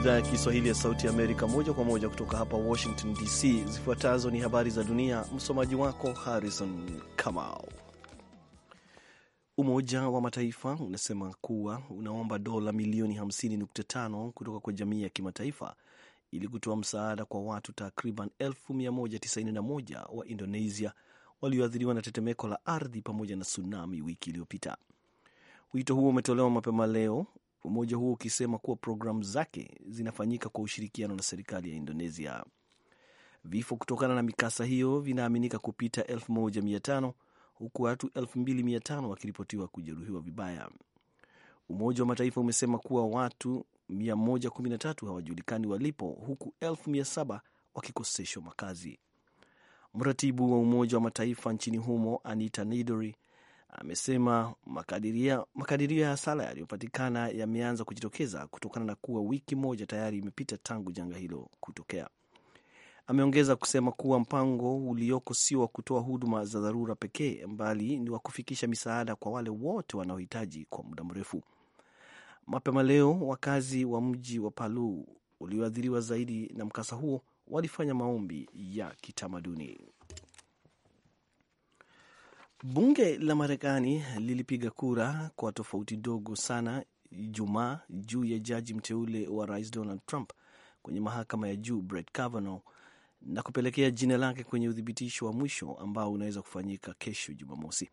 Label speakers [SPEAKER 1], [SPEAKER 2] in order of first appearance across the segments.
[SPEAKER 1] idhaa ya Kiswahili ya Sauti Amerika moja kwa moja kutoka hapa Washington DC. Zifuatazo ni habari za dunia, msomaji wako Harrison Kamau. Umoja wa Mataifa unasema kuwa unaomba dola milioni 50.5 kutoka kwa jamii ya kimataifa ili kutoa msaada kwa watu takriban 191 wa Indonesia walioathiriwa na tetemeko la ardhi pamoja na tsunami wiki iliyopita. Wito huo umetolewa mapema leo umoja huo ukisema kuwa programu zake zinafanyika kwa ushirikiano na serikali ya Indonesia. Vifo kutokana na mikasa hiyo vinaaminika kupita 1500 huku watu 2500 wakiripotiwa kujeruhiwa vibaya. Umoja wa Mataifa umesema kuwa watu 113 hawajulikani walipo huku 1700 wakikoseshwa makazi. Mratibu wa Umoja wa Mataifa nchini humo Anita Nidori amesema makadirio ya hasara yaliyopatikana yameanza kujitokeza kutokana na kuwa wiki moja tayari imepita tangu janga hilo kutokea. Ameongeza kusema kuwa mpango ulioko sio wa kutoa huduma za dharura pekee, mbali ni wa kufikisha misaada kwa wale wote wanaohitaji kwa muda mrefu. Mapema leo wakazi wa mji wa Palu ulioathiriwa zaidi na mkasa huo walifanya maombi ya kitamaduni. Bunge la Marekani lilipiga kura kwa tofauti dogo sana Ijumaa juu ya jaji mteule wa rais Donald Trump kwenye mahakama ya juu Brett Kavanaugh na kupelekea jina lake kwenye uthibitisho wa mwisho ambao unaweza kufanyika kesho Jumamosi.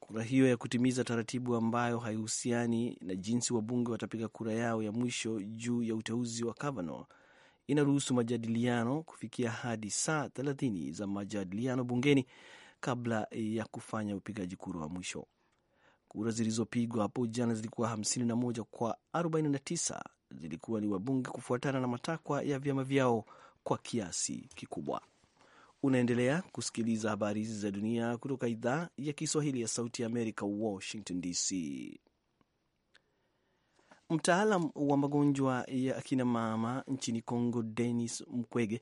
[SPEAKER 1] Kura hiyo ya kutimiza taratibu ambayo haihusiani na jinsi wabunge watapiga kura yao ya mwisho juu ya uteuzi wa Kavanaugh inaruhusu majadiliano kufikia hadi saa 30 za majadiliano bungeni kabla ya kufanya upigaji kura wa mwisho. Kura zilizopigwa hapo jana zilikuwa 51 kwa 49 zilikuwa ni wabunge kufuatana na matakwa ya vyama vyao kwa kiasi kikubwa. Unaendelea kusikiliza habari hizi za dunia kutoka idhaa ya Kiswahili ya Sauti ya Amerika, Washington DC. Mtaalam wa magonjwa ya akina mama nchini Congo, Denis Mkwege,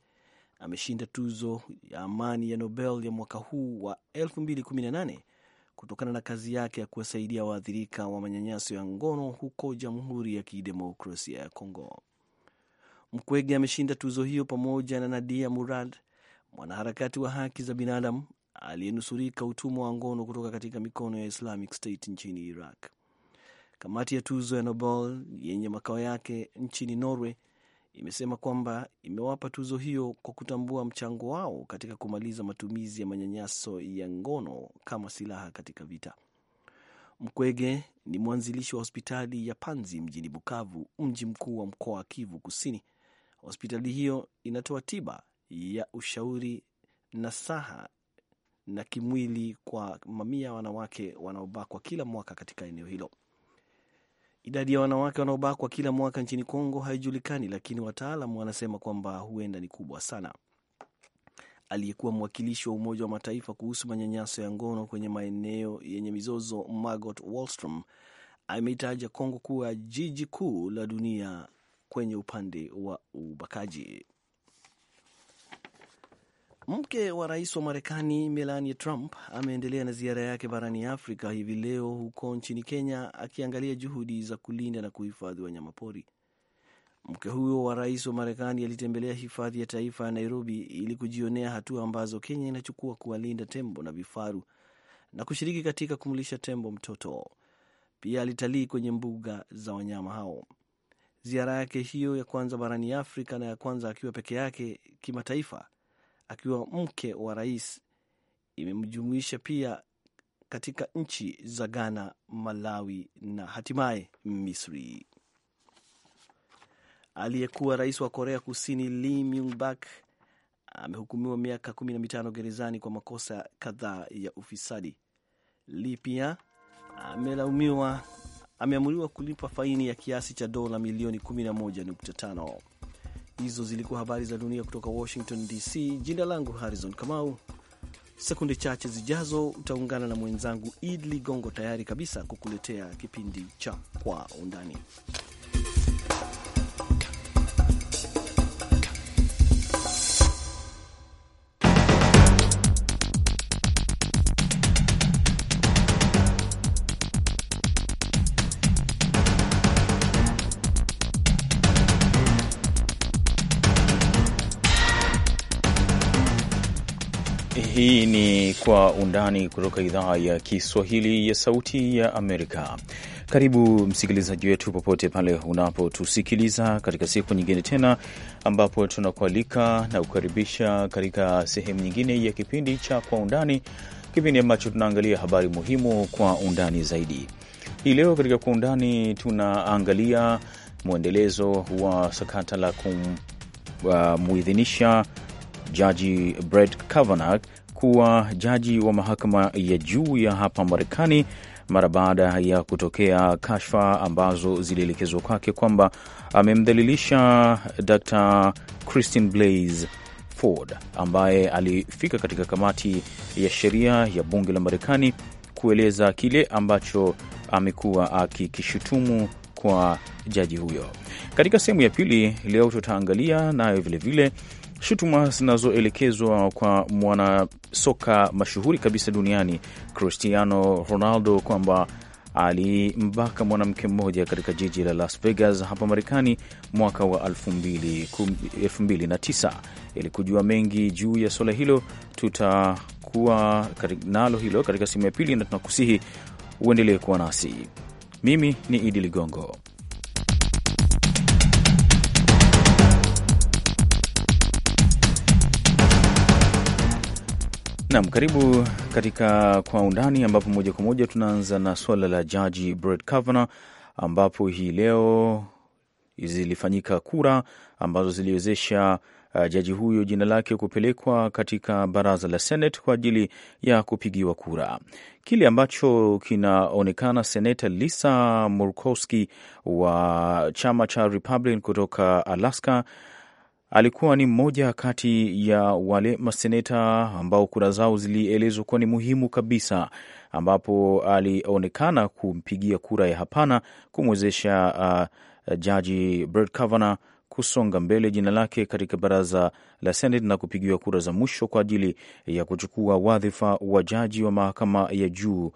[SPEAKER 1] ameshinda tuzo ya amani ya Nobel ya mwaka huu wa 2018 kutokana na kazi yake ya kuwasaidia waathirika wa manyanyaso ya ngono huko Jamhuri ya Kidemokrasia ya Kongo. Mkwege ameshinda tuzo hiyo pamoja na Nadia Murad, mwanaharakati wa haki za binadamu aliyenusurika utumwa wa ngono kutoka katika mikono ya Islamic State nchini Iraq. Kamati ya tuzo ya Nobel yenye makao yake nchini Norway imesema kwamba imewapa tuzo hiyo kwa kutambua mchango wao katika kumaliza matumizi ya manyanyaso ya ngono kama silaha katika vita. Mkwege ni mwanzilishi wa hospitali ya Panzi mjini Bukavu, mji mkuu wa mkoa wa Kivu Kusini. Hospitali hiyo inatoa tiba ya ushauri na saha na kimwili kwa mamia ya wanawake wanaobakwa kila mwaka katika eneo hilo. Idadi ya wanawake wanaobakwa kila mwaka nchini Kongo haijulikani, lakini wataalam wanasema kwamba huenda ni kubwa sana. Aliyekuwa mwakilishi wa Umoja wa Mataifa kuhusu manyanyaso ya ngono kwenye maeneo yenye mizozo, Margot Wallstrom ameitaja Kongo kuwa jiji kuu la dunia kwenye upande wa ubakaji. Mke wa rais wa Marekani Melania Trump ameendelea na ziara yake barani Afrika hivi leo huko nchini Kenya, akiangalia juhudi za kulinda na kuhifadhi wanyamapori. Mke huyo wa rais wa Marekani alitembelea hifadhi ya taifa ya Nairobi ili kujionea hatua ambazo Kenya inachukua kuwalinda tembo na vifaru na kushiriki katika kumlisha tembo mtoto. Pia alitalii kwenye mbuga za wanyama hao. Ziara yake hiyo ya kwanza barani Afrika na ya kwanza akiwa peke yake kimataifa akiwa mke wa rais imemjumuisha pia katika nchi za Ghana, Malawi na hatimaye Misri. Aliyekuwa rais wa Korea Kusini Lee Myung-bak amehukumiwa miaka 15 gerezani kwa makosa kadhaa ya ufisadi. Lee pia amelaumiwa ameamuriwa kulipa faini ya kiasi cha dola milioni 11.5. Hizo zilikuwa habari za dunia kutoka Washington DC. Jina langu Harrison Kamau. Sekunde chache zijazo utaungana na mwenzangu Idli Ligongo, tayari kabisa kukuletea kipindi cha Kwa Undani.
[SPEAKER 2] Hii ni Kwa Undani kutoka idhaa ya Kiswahili ya Sauti ya Amerika. Karibu msikilizaji wetu popote pale unapotusikiliza katika siku nyingine tena, ambapo tunakualika na kukaribisha katika sehemu nyingine ya kipindi cha Kwa Undani, kipindi ambacho tunaangalia habari muhimu kwa undani zaidi. Hii leo katika Kwa Undani tunaangalia mwendelezo wa sakata la kumuidhinisha jaji Brett Kavanaugh kuwa jaji wa mahakama ya juu ya hapa Marekani mara baada ya kutokea kashfa ambazo zilielekezwa kwake kwamba amemdhalilisha Dr. Christine Blasey Ford ambaye alifika katika kamati ya sheria ya bunge la Marekani kueleza kile ambacho amekuwa akikishutumu kwa jaji huyo. Katika sehemu ya pili leo tutaangalia nayo vilevile Shutuma zinazoelekezwa kwa mwanasoka mashuhuri kabisa duniani Cristiano Ronaldo kwamba alimbaka mwanamke mmoja katika jiji la Las Vegas hapa Marekani mwaka wa 2009. Ili kujua mengi juu ya swala hilo, tutakuwa nalo hilo katika sehemu ya pili, na tunakusihi uendelee kuwa nasi. Mimi ni Idi Ligongo. Naam, karibu katika Kwa Undani, ambapo moja kwa moja tunaanza na suala la jaji Brett Kavanaugh, ambapo hii leo zilifanyika kura ambazo ziliwezesha uh, jaji huyo jina lake kupelekwa katika baraza la Senate kwa ajili ya kupigiwa kura. Kile ambacho kinaonekana, seneta Lisa Murkowski wa chama cha Republican kutoka Alaska alikuwa ni mmoja kati ya wale maseneta ambao kura zao zilielezwa kuwa ni muhimu kabisa, ambapo alionekana kumpigia kura ya hapana kumwezesha uh, jaji Brett Kavanaugh kusonga mbele jina lake katika baraza la Senate na kupigiwa kura za mwisho kwa ajili ya kuchukua wadhifa wa jaji wa mahakama ya juu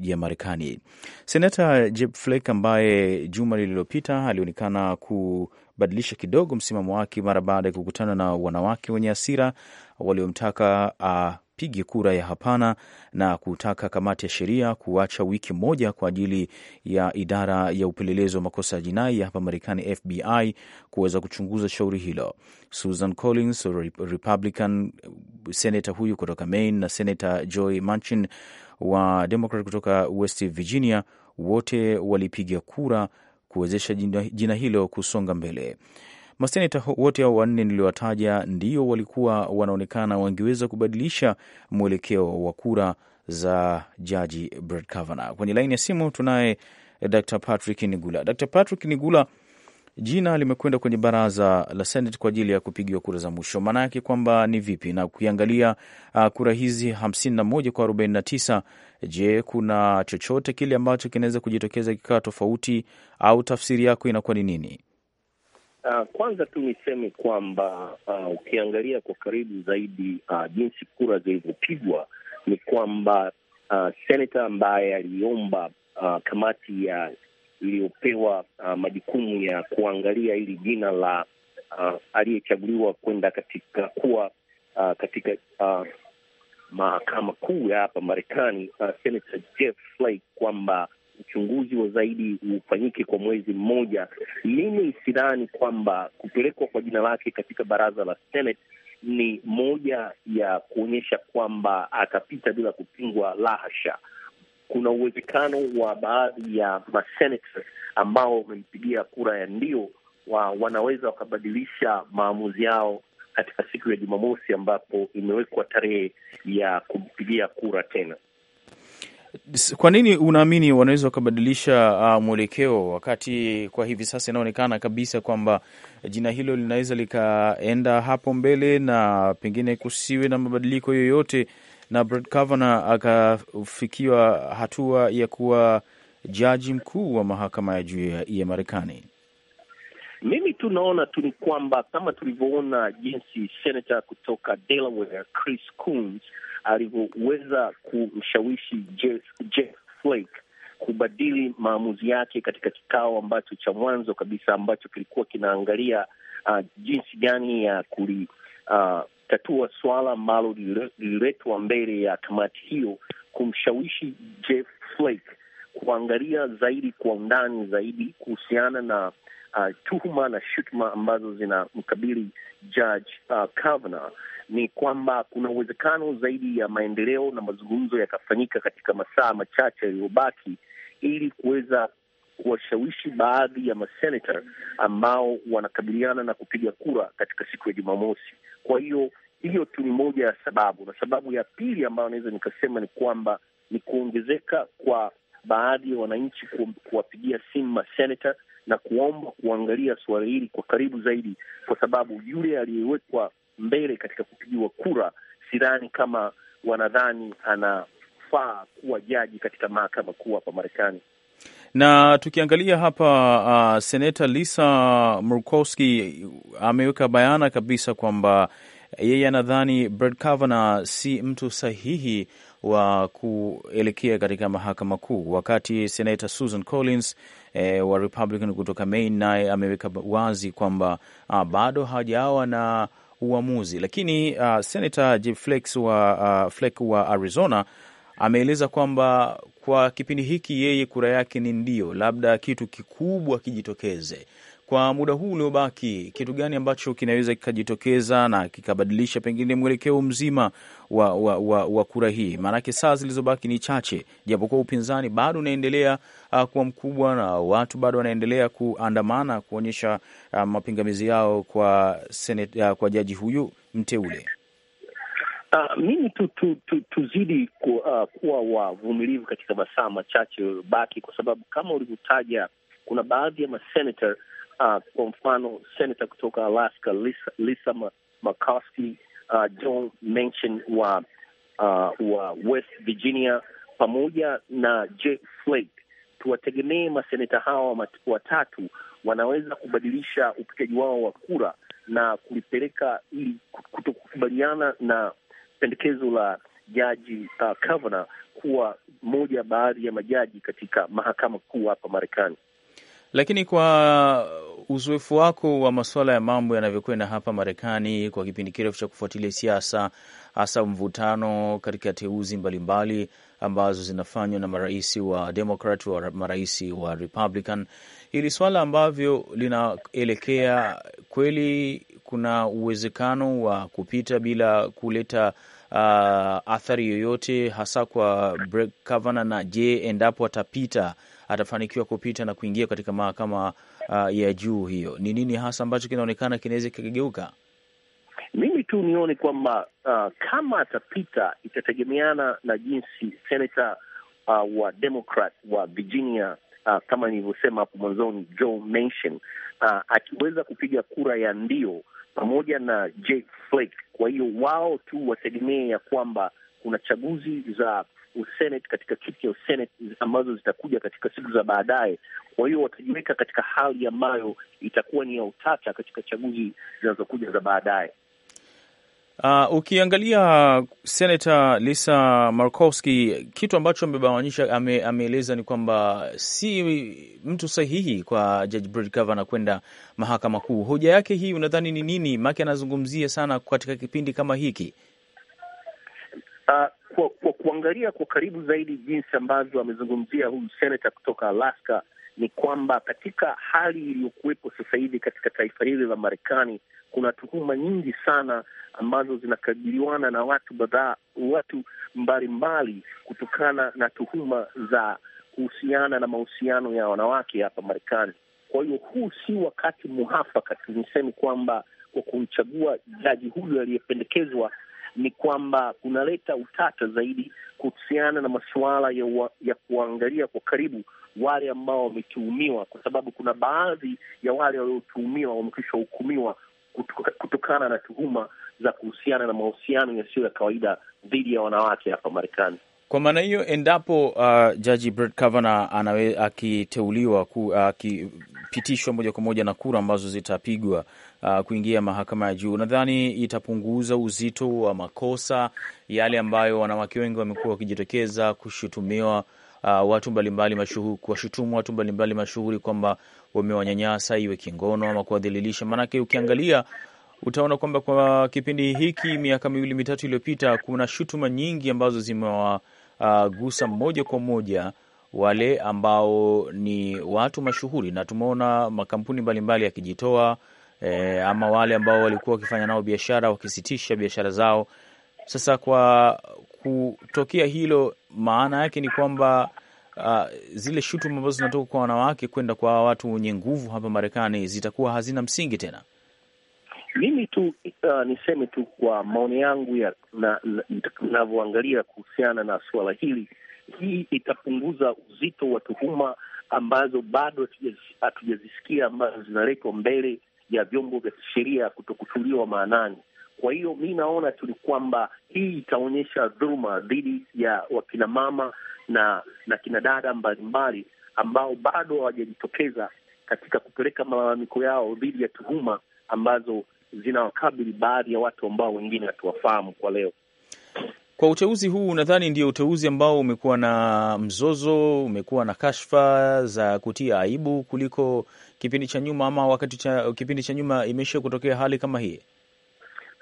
[SPEAKER 2] ya Marekani. Senata Jeb Flake ambaye juma lililopita alionekana ku badilisha kidogo msimamo wake mara baada ya kukutana na wanawake wenye hasira waliomtaka apige kura ya hapana na kutaka kamati ya sheria kuacha wiki moja kwa ajili ya idara ya upelelezi wa makosa ya jinai ya hapa Marekani, FBI, kuweza kuchunguza shauri hilo. Susan Collins, Republican senata huyu kutoka Maine, na senata Joy Manchin wa Democrat kutoka West Virginia, wote walipiga kura kuwezesha jina, jina hilo kusonga mbele. Maseneta wote hao wanne niliowataja ndio walikuwa wanaonekana wangeweza kubadilisha mwelekeo wa kura za jaji Brett Kavanaugh. Kwenye laini ya simu tunaye eh, Dr. Patrick Nigula. Dr. Patrick Nigula, jina limekwenda kwenye baraza la Senate kwa ajili ya kupigiwa kura za mwisho. Maana yake kwamba ni vipi? Na ukiangalia uh, ah, kura hizi hamsini na moja kwa arobaini na tisa Je, kuna chochote kile ambacho kinaweza kujitokeza kikawa tofauti au tafsiri yako inakuwa ni nini?
[SPEAKER 3] Uh, kwanza tu niseme kwamba uh, ukiangalia kwa karibu zaidi uh, jinsi kura zilivyopigwa ni kwamba uh, senata ambaye aliomba uh, kamati ya iliyopewa uh, majukumu ya kuangalia hili jina la uh, aliyechaguliwa kwenda katika kuwa uh, katika uh, mahakama kuu ya hapa Marekani, uh, Senator Jeff Flake kwamba uchunguzi wa zaidi ufanyike kwa mwezi mmoja. Mimi sidhani kwamba kupelekwa kwa jina lake katika baraza la Senate ni moja ya kuonyesha kwamba atapita bila kupingwa, lahasha. Kuna uwezekano wa baadhi ya masenata ambao wamempigia kura ya ndio wa wanaweza wakabadilisha maamuzi yao katika siku ya Jumamosi ambapo imewekwa tarehe ya kumpigia kura tena.
[SPEAKER 2] Kwa nini unaamini wanaweza wakabadilisha uh, mwelekeo wakati kwa hivi sasa inaonekana kabisa kwamba jina hilo linaweza likaenda hapo mbele na pengine kusiwe na mabadiliko yoyote, na Brett Kavanaugh akafikiwa hatua ya kuwa jaji mkuu wa mahakama ya juu ya Marekani?
[SPEAKER 3] Mimi tu naona tu ni kwamba kama tulivyoona jinsi senata kutoka Delaware Chris Coons alivyoweza kumshawishi Jeff, Jeff Flake kubadili maamuzi yake katika kikao ambacho cha mwanzo kabisa ambacho kilikuwa kinaangalia uh, jinsi gani ya kulitatua uh, swala ambalo lililetwa mbele ya kamati hiyo, kumshawishi Jeff Flake kuangalia zaidi kwa undani zaidi kuhusiana na uh, tuhuma na shutuma ambazo zinamkabili Judge uh, Kavanaugh ni kwamba kuna uwezekano zaidi ya maendeleo na mazungumzo yakafanyika katika masaa machache yaliyobaki ili kuweza kuwashawishi baadhi ya masenata ambao wanakabiliana na kupiga kura katika siku ya Jumamosi. Kwa hiyo hiyo tu ni moja ya sababu, na sababu ya pili ambayo naweza nikasema ni kwamba ni kuongezeka kwa baadhi ya wananchi kuwapigia simu masenata na kuomba kuangalia suala hili kwa karibu zaidi, kwa sababu yule aliyewekwa mbele katika kupigiwa kura, sidhani kama wanadhani anafaa kuwa jaji katika mahakama kuu hapa Marekani.
[SPEAKER 2] Na tukiangalia hapa, uh, seneta Lisa Murkowski ameweka bayana kabisa kwamba yeye anadhani Brett Kavanaugh si mtu sahihi wa kuelekea katika mahakama kuu, wakati senata Susan Collins e, wa Republican kutoka Maine naye ameweka wazi kwamba ah, bado hajawa na uamuzi. Lakini a, ah, senata Jeff Flake wa, ah, Flake wa Arizona ameeleza kwamba kwa kipindi hiki yeye kura yake ni ndio, labda kitu kikubwa kijitokeze kwa muda huu uliobaki, kitu gani ambacho kinaweza kikajitokeza na kikabadilisha pengine mwelekeo mzima wa, wa, wa, wa kura hii? Maanake saa zilizobaki ni chache, japokuwa upinzani bado unaendelea uh, kuwa mkubwa na watu bado wanaendelea kuandamana kuonyesha uh, mapingamizi yao kwa senate, uh, kwa jaji huyu mteule.
[SPEAKER 3] Uh, mimi tu, tu, tu, tuzidi ku, uh, kuwa wavumilivu katika masaa machache baki, kwa sababu kama ulivyotaja, kuna baadhi ya masenator uh, kwa mfano senata kutoka Alaska Lisa, Lisa Murkowski uh, John Manchin wa, uh, wa West Virginia pamoja na Jay Flake. Tuwategemee maseneta hawa watatu wanaweza kubadilisha upigaji wao wa kura na kulipeleka ili kutokukubaliana na pendekezo la jaji uh, Kavanaugh kuwa moja baadhi ya majaji katika mahakama kuu hapa Marekani.
[SPEAKER 2] Lakini kwa uzoefu wako wa masuala ya mambo yanavyokwenda hapa Marekani kwa kipindi kirefu cha kufuatilia siasa, hasa mvutano katika teuzi mbalimbali ambazo zinafanywa na marais wa Demokrat wa marais wa Republican, hili swala ambavyo linaelekea kweli, kuna uwezekano wa kupita bila kuleta uh, athari yoyote hasa kwa Brett Kavanaugh, na je, endapo atapita atafanikiwa kupita na kuingia katika mahakama uh, ya juu hiyo? Ni nini hasa ambacho kinaonekana kinaweza kikageuka?
[SPEAKER 3] Mimi tu nione kwamba uh, kama atapita itategemeana na jinsi senata uh, wa Democrat wa Virginia uh, kama nilivyosema hapo mwanzoni Joe Manchin uh, akiweza kupiga kura ya ndio pamoja na Jake Flake. Kwa hiyo wao tu wategemee ya kwamba kuna chaguzi za usenate katika kiti ya usenate ambazo zitakuja katika siku za baadaye. Kwa hiyo watajiweka katika hali ambayo itakuwa ni ya utata katika chaguzi zinazokuja za baadaye.
[SPEAKER 2] Uh, ukiangalia Senata Lisa markowski kitu ambacho amebawanyisha ame, ameeleza ni kwamba si mtu sahihi kwa Judge Brett Kavanaugh kwenda mahakama kuu. Hoja yake hii unadhani ni nini? Maake anazungumzia sana katika kipindi kama hiki.
[SPEAKER 3] Uh, kwa, kwa kuangalia kwa karibu zaidi jinsi ambavyo amezungumzia huyu senata kutoka Alaska ni kwamba katika hali iliyokuwepo sasa hivi katika taifa hili la Marekani kuna tuhuma nyingi sana ambazo zinakabiliwana na watu badhaa, watu mbalimbali kutokana na tuhuma za kuhusiana na mahusiano ya wanawake hapa Marekani. Kwa hiyo huu si wakati muhafaka tunisemi kwamba kwa kumchagua jaji huyu aliyependekezwa ni kwamba kunaleta utata zaidi kuhusiana na masuala ya, wa, ya kuangalia kwa karibu wale ambao wametuhumiwa, kwa sababu kuna baadhi ya wale waliotuhumiwa wamekwisha hukumiwa kutokana na tuhuma za kuhusiana na mahusiano yasiyo ya kawaida dhidi ya wanawake hapa Marekani.
[SPEAKER 2] Kwa maana hiyo, endapo uh, jaji Brett Kavanaugh akiteuliwa, akipitishwa moja kwa moja na kura ambazo zitapigwa uh, kuingia mahakama ya juu, nadhani itapunguza uzito wa makosa yale ambayo wanawake wengi wamekuwa wakijitokeza kushutumiwa Uh, watu mbalimbali mashuhuri kuwashutumu watu mbalimbali mashuhuri kwamba wamewanyanyasa iwe kingono ama kuwadhalilisha. Maanake ukiangalia utaona kwamba kwa kipindi hiki miaka miwili mitatu iliyopita kuna shutuma nyingi ambazo zimewagusa uh, moja kwa moja wale ambao ni watu mashuhuri, na tumeona makampuni mbalimbali yakijitoa e, ama wale ambao walikuwa wakifanya nao biashara wakisitisha biashara zao. Sasa kwa kutokea hilo, maana yake ni kwamba uh, zile shutuma ambazo zinatoka kwa wanawake kwenda kwa watu wenye nguvu hapa Marekani zitakuwa hazina msingi tena.
[SPEAKER 3] Mimi tu uh, niseme tu kwa maoni yangu ya navyoangalia na, na kuhusiana na suala hili, hii itapunguza uzito wa tuhuma ambazo bado hatujazisikia ambazo zinaletwa mbele ya vyombo vya kisheria kutokutuliwa maanani. Kwa hiyo mi naona tu ni kwamba hii itaonyesha dhuluma dhidi ya wakinamama na na kinadada mbalimbali ambao bado hawajajitokeza katika kupeleka malalamiko yao dhidi ya tuhuma ambazo zinawakabili baadhi ya watu ambao wengine hatuwafahamu kwa leo.
[SPEAKER 2] Kwa uteuzi huu, nadhani ndio uteuzi ambao umekuwa na mzozo, umekuwa na kashfa za kutia aibu kuliko kipindi cha nyuma ama wakati cha kipindi cha nyuma imeisha kutokea hali kama hii?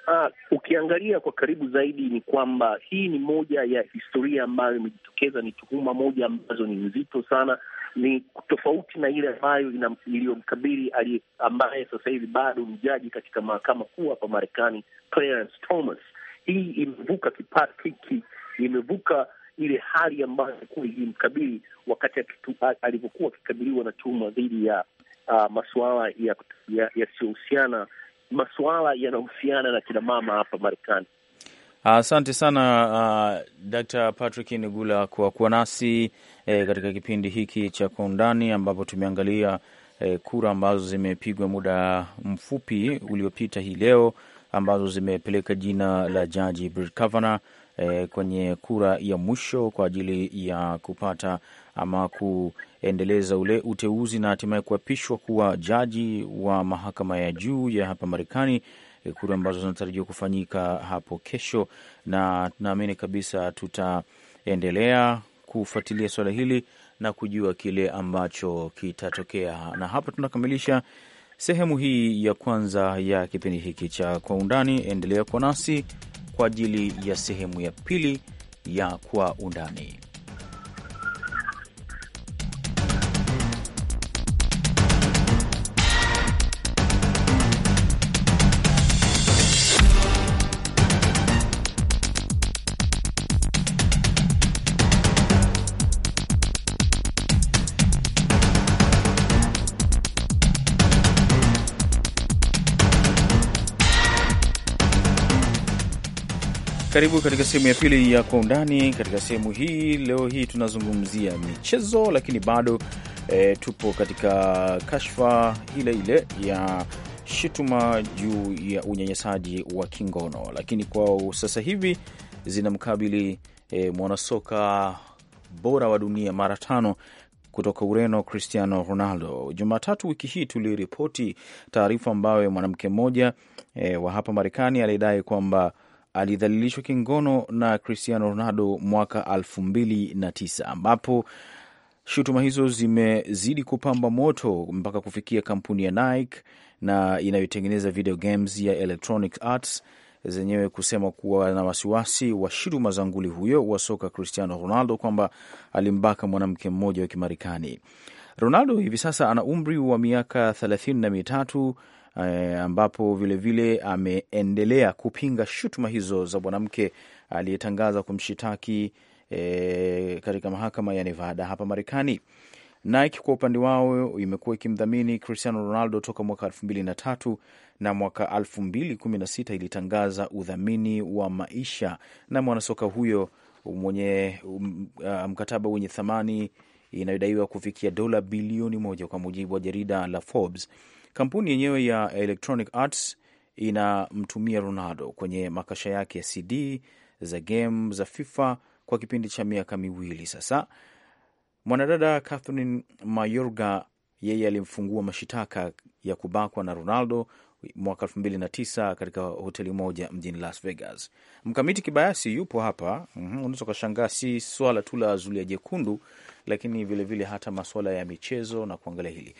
[SPEAKER 3] Uh, ukiangalia kwa karibu zaidi ni kwamba hii ni moja ya historia ambayo imejitokeza. Ni tuhuma moja ambazo ni nzito sana, ni tofauti na ile ambayo iliyomkabili ambaye sasa hivi bado jaji katika mahakama kuu hapa Marekani, Clarence Thomas. Hii imevuka kipatiki imevuka ile hali ambayo ilikuwa ilimkabili wakati alivyokuwa akikabiliwa na tuhuma dhidi ya uh, masuala yasiyohusiana ya masuala yanahusiana na kina mama hapa Marekani.
[SPEAKER 2] Asante uh, sana uh, Dr. Patrick Nigula kwa kuwa nasi eh, katika kipindi hiki cha Kwa Undani ambapo tumeangalia eh, kura ambazo zimepigwa muda mfupi uliopita hii leo ambazo zimepeleka jina la Jaji Brett Kavanaugh eh, kwenye kura ya mwisho kwa ajili ya kupata ama kuendeleza ule uteuzi na hatimaye kuapishwa kuwa jaji wa mahakama ya juu ya hapa Marekani, eh, kura ambazo zinatarajiwa kufanyika hapo kesho, na tunaamini kabisa tutaendelea kufuatilia suala hili na kujua kile ambacho kitatokea. Na hapa tunakamilisha sehemu hii ya kwanza ya kipindi hiki cha Kwa Undani. Endelea kuwa nasi kwa ajili ya sehemu ya pili ya Kwa Undani. Karibu katika sehemu ya pili ya Kwa Undani. Katika sehemu hii leo hii tunazungumzia michezo, lakini bado e, tupo katika kashfa ile ile ya shutuma juu ya unyanyasaji wa kingono, lakini kwa sasa hivi zinamkabili e, mwanasoka bora wa dunia mara tano kutoka Ureno, Cristiano Ronaldo. Jumatatu wiki hii tuliripoti taarifa ambayo mwanamke mmoja e, wa hapa Marekani alidai kwamba alidhalilishwa kingono na Cristiano Ronaldo mwaka 2009 ambapo shutuma hizo zimezidi kupamba moto mpaka kufikia kampuni ya Nike na inayotengeneza video games ya Electronic Arts zenyewe kusema kuwa na wasiwasi wa shutuma za nguli huyo wa soka Cristiano Ronaldo kwamba alimbaka mwanamke mmoja wa Kimarekani. Ronaldo hivi sasa ana umri wa miaka thelathini na mitatu eh, ambapo vilevile ameendelea kupinga shutuma hizo za mwanamke aliyetangaza kumshitaki eh, katika mahakama ya Nevada hapa Marekani. Nike kwa upande wao imekuwa ikimdhamini Cristiano Ronaldo toka mwaka mbili na mwaka sita ilitangaza udhamini wa maisha na mwanasoka huyo mwenye um, uh, mkataba wenye thamani inayodaiwa kufikia dola bilioni moja kwa mujibu wa jarida la Forbes. Kampuni yenyewe ya Electronic Arts inamtumia Ronaldo kwenye makasha yake ya CD za game za FIFA kwa kipindi cha miaka miwili sasa. Mwanadada Catherine Mayorga yeye alimfungua mashitaka ya kubakwa na Ronaldo mwaka elfu mbili na tisa katika hoteli moja mjini Las Vegas. Mkamiti Kibayasi yupo hapa. Mhm, unaweza ukashangaa, si swala tu la zulia jekundu, lakini vilevile vile hata maswala ya michezo na kuangalia hili.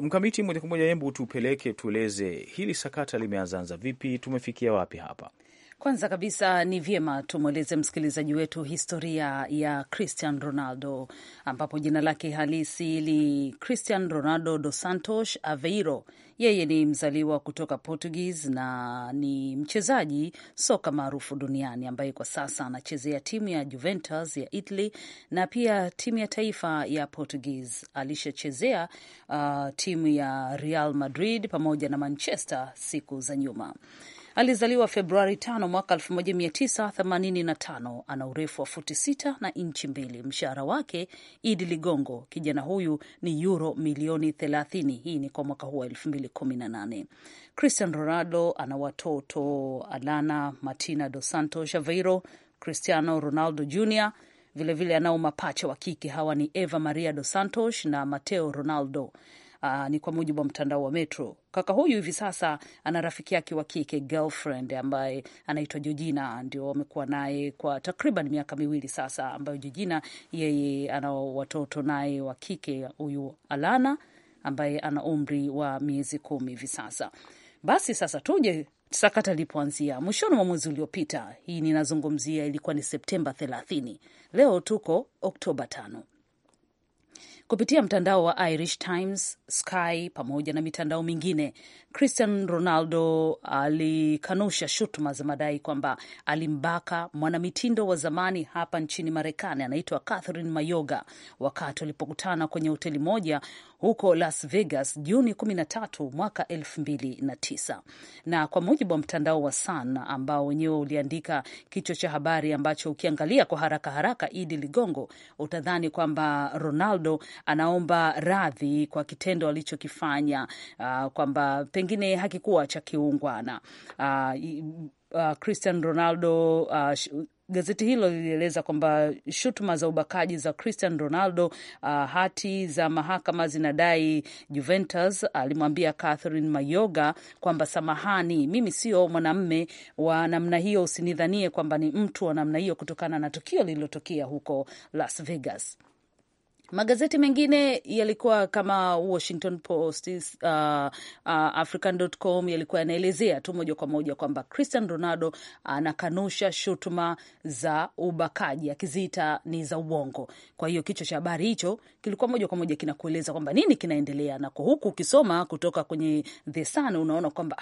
[SPEAKER 2] Mkamiti, moja kwa moja, hebu tupeleke tueleze hili sakata limeanzaanza vipi, tumefikia wapi hapa?
[SPEAKER 4] Kwanza kabisa ni vyema tumweleze msikilizaji wetu historia ya Cristian Ronaldo, ambapo jina lake halisi li Cristian Ronaldo dos Santos Aveiro yeye ni mzaliwa kutoka Portuguese na ni mchezaji soka maarufu duniani ambaye kwa sasa anachezea timu ya Juventus ya Italy na pia timu ya taifa ya Portuguese. Alishachezea uh, timu ya Real Madrid pamoja na Manchester siku za nyuma. Alizaliwa Februari 5 mwaka 1985. Ana urefu wa futi sita na inchi mbili. Mshahara wake Idi Ligongo, kijana huyu ni euro milioni 30. Hii ni kwa mwaka huu wa 2018. Christian Ronaldo ana watoto Alana Martina Dos Santos Chaveiro, Cristiano Ronaldo Jr. Vilevile anao mapacha wa kike, hawa ni Eva Maria Dos Santos na Mateo Ronaldo. Uh, ni kwa mujibu wa mtandao wa Metro. Kaka huyu hivi sasa ana rafiki yake wa kike girlfriend ambaye anaitwa Jojina, ndio amekuwa naye kwa takriban miaka miwili sasa, ambayo Jojina yeye ana watoto naye wa kike huyu Alana ambaye ana umri wa miezi kumi hivi sasa. Basi sasa tuje sakata lilipoanzia mwishoni mwa mwezi uliopita. Hii ninazungumzia ilikuwa ni Septemba 30. Leo tuko Oktoba tano kupitia mtandao wa Irish Times, Sky pamoja na mitandao mingine. Cristiano Ronaldo alikanusha shutuma za madai kwamba alimbaka mwanamitindo wa zamani hapa nchini Marekani anaitwa Catherine Mayoga wakati walipokutana kwenye hoteli moja huko Las Vegas Juni 13 mwaka 2009. Na kwa mujibu wa mtandao wa Sun ambao wenyewe uliandika kichwa cha habari ambacho ukiangalia kwa haraka haraka, Idi Ligongo, utadhani kwamba Ronaldo anaomba radhi kwa kitendo alichokifanya, uh, kwamba pengine hakikuwa cha kiungwana uh, Uh, Cristiano Ronaldo uh, Gazeti hilo lilieleza kwamba shutuma za ubakaji za Cristian Ronaldo, uh, hati za mahakama zinadai Juventus alimwambia Catherine Mayoga kwamba samahani, mimi sio mwanamme wa namna hiyo, usinidhanie kwamba ni mtu wa namna hiyo, kutokana na tukio lililotokea huko Las Vegas. Magazeti mengine yalikuwa kama Washington Post, uh, uh, African.com yalikuwa yanaelezea tu moja kwa moja kwamba Cristiano Ronaldo anakanusha uh, shutuma za ubakaji akiziita ni za uongo. Kwa hiyo kichwa cha habari hicho kilikuwa moja kwa moja kinakueleza kwamba nini kinaendelea, na huku ukisoma kutoka kwenye The Sun unaona kwamba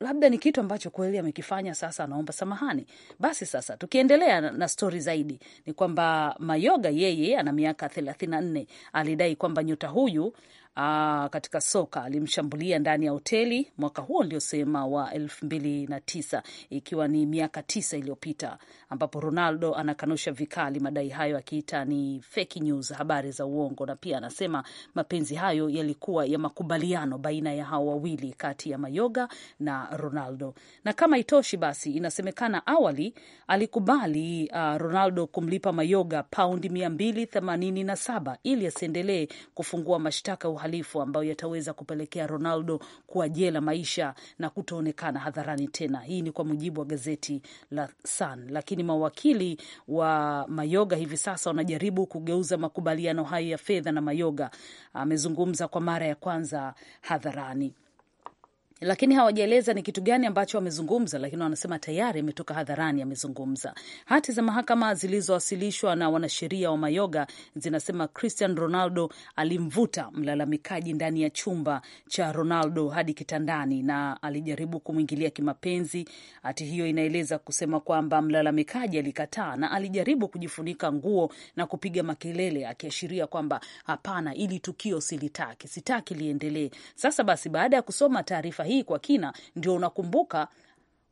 [SPEAKER 4] labda ni kitu ambacho kweli amekifanya, sasa anaomba samahani. Basi sasa tukiendelea na, na stori zaidi ni kwamba Mayoga yeye ana miaka nne alidai kwamba nyota huyu aa, ah, katika soka alimshambulia ndani ya hoteli mwaka huo niliosema wa elfu mbili na tisa ikiwa ni miaka tisa iliyopita, ambapo Ronaldo anakanusha vikali madai hayo akiita ni fake news, habari za uongo, na pia anasema mapenzi hayo yalikuwa ya makubaliano baina ya hao wawili, kati ya Mayoga na Ronaldo. Na kama itoshi basi, inasemekana awali alikubali uh, Ronaldo kumlipa Mayoga paundi 287 ili asiendelee kufungua mashtaka uhalifu ambayo yataweza kupelekea Ronaldo kuwa jela maisha na kutoonekana hadharani tena. Hii ni kwa mujibu wa gazeti la Sun, lakini mawakili wa Mayoga hivi sasa wanajaribu kugeuza makubaliano hayo ya fedha na Mayoga amezungumza kwa mara ya kwanza hadharani lakini hawajaeleza ni kitu gani ambacho wamezungumza, lakini wanasema tayari ametoka hadharani amezungumza. Hati za mahakama zilizowasilishwa na wanasheria wa Mayoga zinasema Cristian Ronaldo alimvuta mlalamikaji ndani ya chumba cha Ronaldo hadi kitandani na alijaribu kumwingilia kimapenzi. Hati hiyo inaeleza kusema kwamba mlalamikaji alikataa na alijaribu kujifunika nguo na kupiga makelele, akiashiria kwamba hapana, ili tukio silitaki, sitaki liendelee. Sasa basi, baada ya kusoma taarifa hii kwa kina, ndio unakumbuka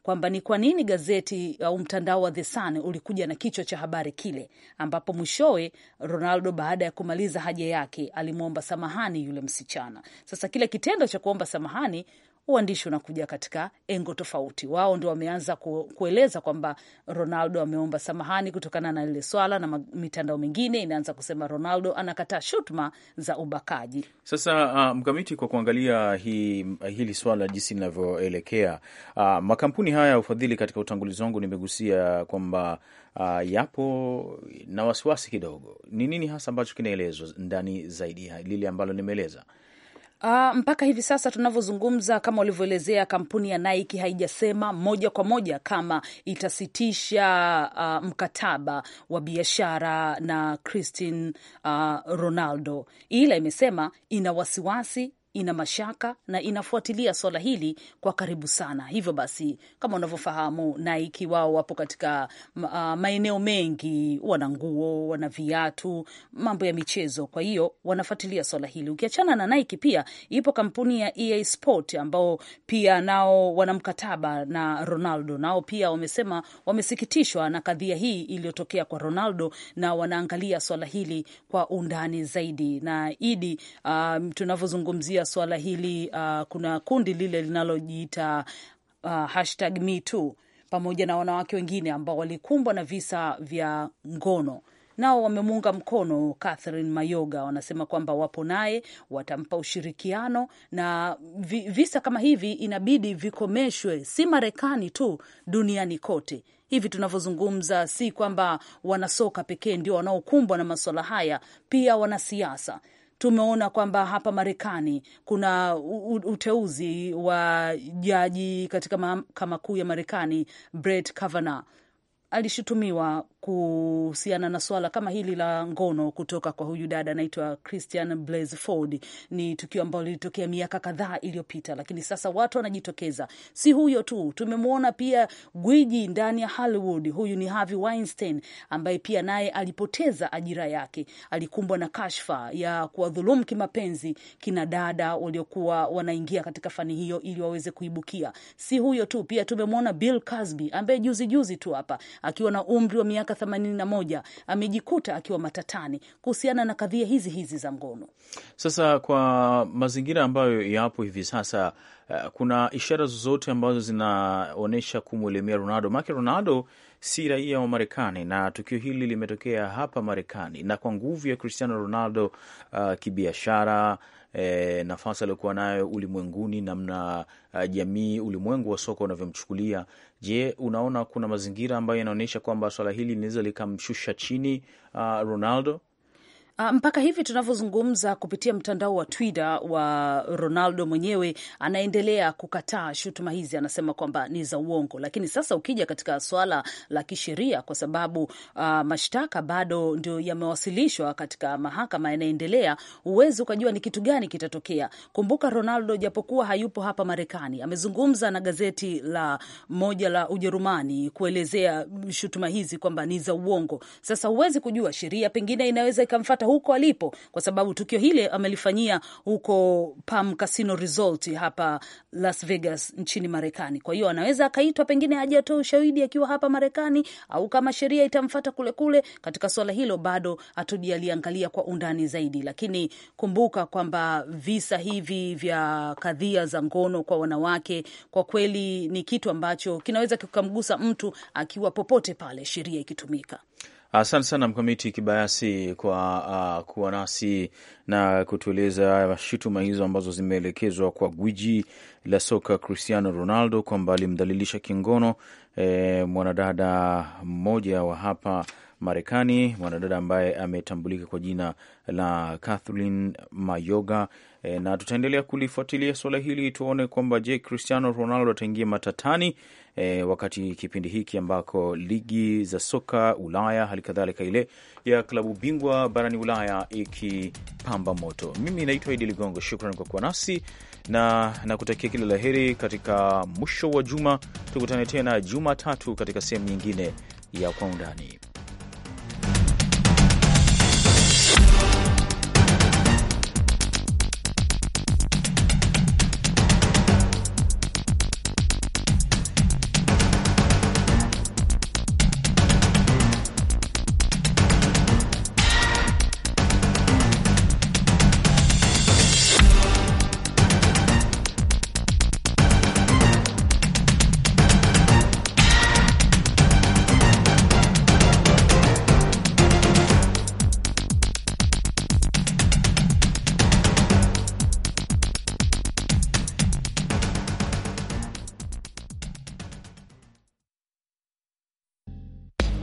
[SPEAKER 4] kwamba ni kwa nini gazeti au mtandao wa The Sun ulikuja na kichwa cha habari kile, ambapo mwishowe Ronaldo baada ya kumaliza haja yake alimwomba samahani yule msichana. Sasa kile kitendo cha kuomba samahani uandishi unakuja katika engo tofauti. Wao ndio wameanza kueleza kwamba Ronaldo ameomba samahani kutokana na lile swala, na mitandao mingine inaanza kusema Ronaldo anakataa shutuma za ubakaji.
[SPEAKER 2] Sasa uh, mkamiti kwa kuangalia hi, hili swala jinsi linavyoelekea, uh, makampuni haya ya ufadhili, katika utangulizi wangu nimegusia kwamba Uh, yapo na wasiwasi kidogo. Ni nini hasa ambacho kinaelezwa ndani zaidi ya lile ambalo nimeeleza?
[SPEAKER 4] Uh, mpaka hivi sasa tunavyozungumza, kama ulivyoelezea, kampuni ya Nike haijasema moja kwa moja kama itasitisha uh, mkataba wa biashara na Cristiano uh, Ronaldo, ila imesema ina wasiwasi ina mashaka na inafuatilia swala hili kwa karibu sana. Hivyo basi, kama unavyofahamu, Nike wao wapo katika uh, maeneo mengi, wana nguo, wana viatu, mambo ya michezo, kwa hiyo wanafuatilia swala hili. Ukiachana na Nike, pia ipo kampuni ya EA Sport ambao pia nao wana mkataba na Ronaldo, nao pia wamesema wamesikitishwa na kadhia hii iliyotokea kwa Ronaldo na wanaangalia swala hili kwa undani zaidi. Na Idi, uh, tunavyozungumzia swala suala hili uh, kuna kundi lile linalojiita uh, hashtag me too pamoja na wanawake wengine ambao walikumbwa na visa vya ngono nao wamemuunga mkono Catherine Mayoga, wanasema kwamba wapo naye, watampa ushirikiano na vi, visa kama hivi inabidi vikomeshwe, si Marekani tu, duniani kote. Hivi tunavyozungumza, si kwamba wanasoka pekee ndio wanaokumbwa na masuala haya, pia wanasiasa tumeona kwamba hapa Marekani kuna uteuzi wa jaji katika mahakama kuu ya Marekani, Brett Kavanaugh alishutumiwa kuhusiana na swala kama hili la ngono kutoka kwa huyu dada anaitwa Christian Blaise Ford. Ni tukio ambalo lilitokea miaka kadhaa iliyopita, lakini sasa watu wanajitokeza. Si huyo tu, tumemwona pia gwiji ndani ya Hollywood. Huyu ni Harvey Weinstein ambaye pia naye alipoteza ajira yake, alikumbwa na kashfa ya kuwadhulumu kimapenzi kina dada waliokuwa wanaingia katika fani hiyo ili waweze kuibukia. Si huyo tu, pia tumemwona Bill Cosby ambaye juzi juzi tu hapa akiwa na umri wa miaka miaka 81 amejikuta akiwa matatani kuhusiana na kadhia hizi hizi za ngono.
[SPEAKER 2] Sasa kwa mazingira ambayo yapo hivi sasa Eh, kuna ishara zozote ambazo zinaonyesha kumwelemea Ronaldo? Maanake Ronaldo si raia wa Marekani na tukio hili limetokea hapa Marekani, na kwa nguvu ya Cristiano Ronaldo uh, kibiashara E, nafasi aliyokuwa nayo ulimwenguni, namna uh, jamii ulimwengu wa soka unavyomchukulia. Je, unaona kuna mazingira ambayo yanaonyesha kwamba swala hili linaweza likamshusha chini uh, Ronaldo?
[SPEAKER 4] Ah, mpaka hivi tunavyozungumza kupitia mtandao wa Twitter wa Ronaldo mwenyewe anaendelea kukataa shutuma hizi, anasema kwamba ni za uongo. Lakini sasa ukija katika swala la kisheria, kwa sababu uh, mashtaka bado ndio yamewasilishwa katika mahakama, yanaendelea, huwezi ukajua ni kitu gani kitatokea. Kumbuka Ronaldo japokuwa hayupo hapa Marekani, amezungumza na gazeti la moja la Ujerumani kuelezea shutuma hizi kwamba ni za uongo. Sasa huwezi kujua, sheria pengine inaweza ikamfata hata huko alipo, kwa sababu tukio hili amelifanyia huko Palm Casino Resort hapa Las Vegas nchini Marekani. Kwa hiyo anaweza akaitwa, pengine aje atoe ushahidi akiwa hapa Marekani, au kama sheria itamfata kule kule. Katika suala hilo bado hatujaliangalia kwa undani zaidi, lakini kumbuka kwamba visa hivi vya kadhia za ngono kwa wanawake kwa kweli ni kitu ambacho kinaweza kikamgusa mtu akiwa popote pale, sheria ikitumika.
[SPEAKER 2] Asante sana Mkamiti Kibayasi kwa uh, kuwa nasi na kutueleza shutuma hizo ambazo zimeelekezwa kwa gwiji la soka Cristiano Ronaldo kwamba alimdhalilisha kingono eh, mwanadada mmoja wa hapa Marekani, mwanadada ambaye ametambulika kwa jina la Kathleen Mayoga e, na tutaendelea kulifuatilia suala hili tuone kwamba je, Cristiano Ronaldo ataingia matatani e, wakati kipindi hiki ambako ligi za soka Ulaya hali kadhalika ile ya klabu bingwa barani Ulaya ikipamba moto. Mimi naitwa Idi Ligongo, shukran kwa kuwa nasi na nakutakia kila la heri katika mwisho wa juma. Tukutane tena Jumatatu katika sehemu nyingine ya Kwa Undani.